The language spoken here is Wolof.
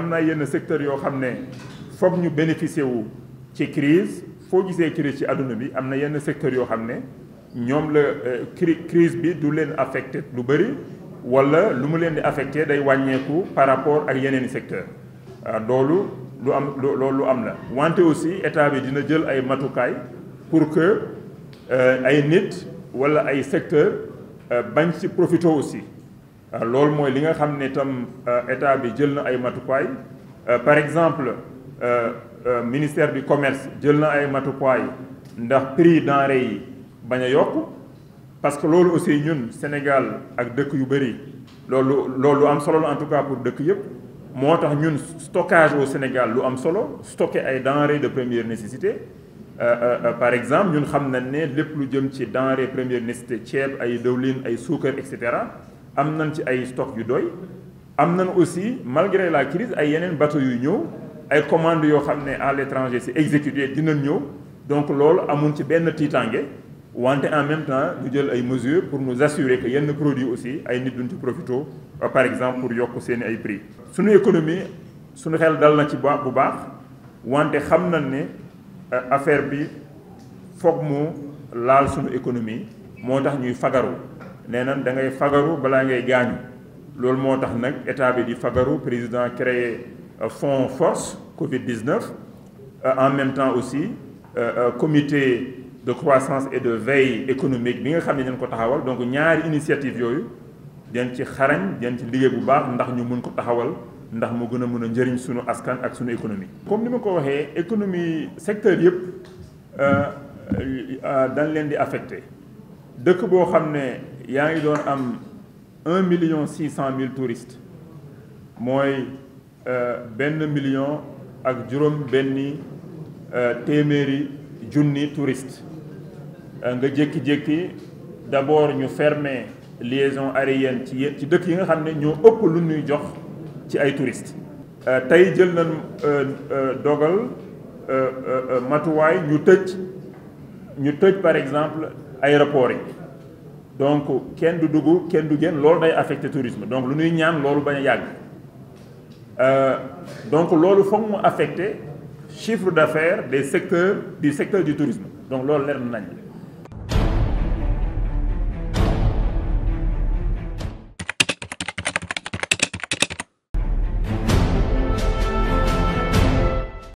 amna yenn secteur yo xamné ne ñu bénéficier wu ci crise foo gisee crise ci bi amna yenn secteur yo xamné ñom la euh, crise bi du leen affecté lu bari wala lu mu leen di affecté day wàññeeku par rapport ak yenen secteur Dolo euh, lu am loolu am la wanté aussi état bi dina jël ay matukay pour que euh, ay nit wala ay secteur bañ ci profité aussi euh, loolu mooy li nga xam ne tam euh, état bi jël na ay matukaay euh, par exemple ministère du commerce jël na ay matukaay ndax prix denrée yi bañ a yokk parce que loolu aussi ñun Sénégal ak dëkk yu bëri loolu loolu am solo en tout cas pour dëkk yëpp moo tax ñun stockage au Sénégal lu am solo stocké ay denrées de première nécessité par exemple ñun xam nañ ne lépp lu jëm ci denrée première nécessité ceeb ay dëwlin ay suukar et cetera am nañ ci ay stock yu doy am nañ aussi malgré la crise ay yeneen bateau yu ñëw ay commandes yoo xam ne à l'étranger si exécuté dinañ ñëw donc loolu amul ci benn tiitaange wante en même temps ñu jël ay mesures pour nous assurer que yenn produits aussi ay nit duñ ci profito euh, par exemple pour yokk seen ay prix. suñu économie suñu xel dal na ci bu baax wante xam nañ ne euh, affaire bi foog mu laal suñu économie moo tax ñuy fagaru da ngay fagaru fagaru président créé euh, fonds force Covid 19 euh, en même temps aussi euh, comité de croissance et de veille économique bi nga ko taxawal donc ñaari initiative yooyu den ci xarañ den ci liggéey bu baax ndax ñu ko taxawal ndax askan ak économie. comme ni ma ko waxee économie secteur yëpp dañ leen di affecté yaa ngi doon am 1 million six cent mille touristes mooy euh, benn million ak juróom benni euh, téeméeri junni touriste euh, nga jékki-jékki d'abord ñu fermer liaison aérienne ci ci dëkk yi nga xam ne ñoo ëpp lu ñuy jox ci ay touristes. tey jël nañ dogal matuwaay ñu tëj ñu tëj par exemple aéroport yi donc kenn du dugg kenn du génn loolu day affecté tourisme donc lu ñuy ñaan loolu bañ a yàgg euh, donc loolu foog mu affecté chiffre d'affaires des secteurs du secteur du tourisme donc loolu leer nañ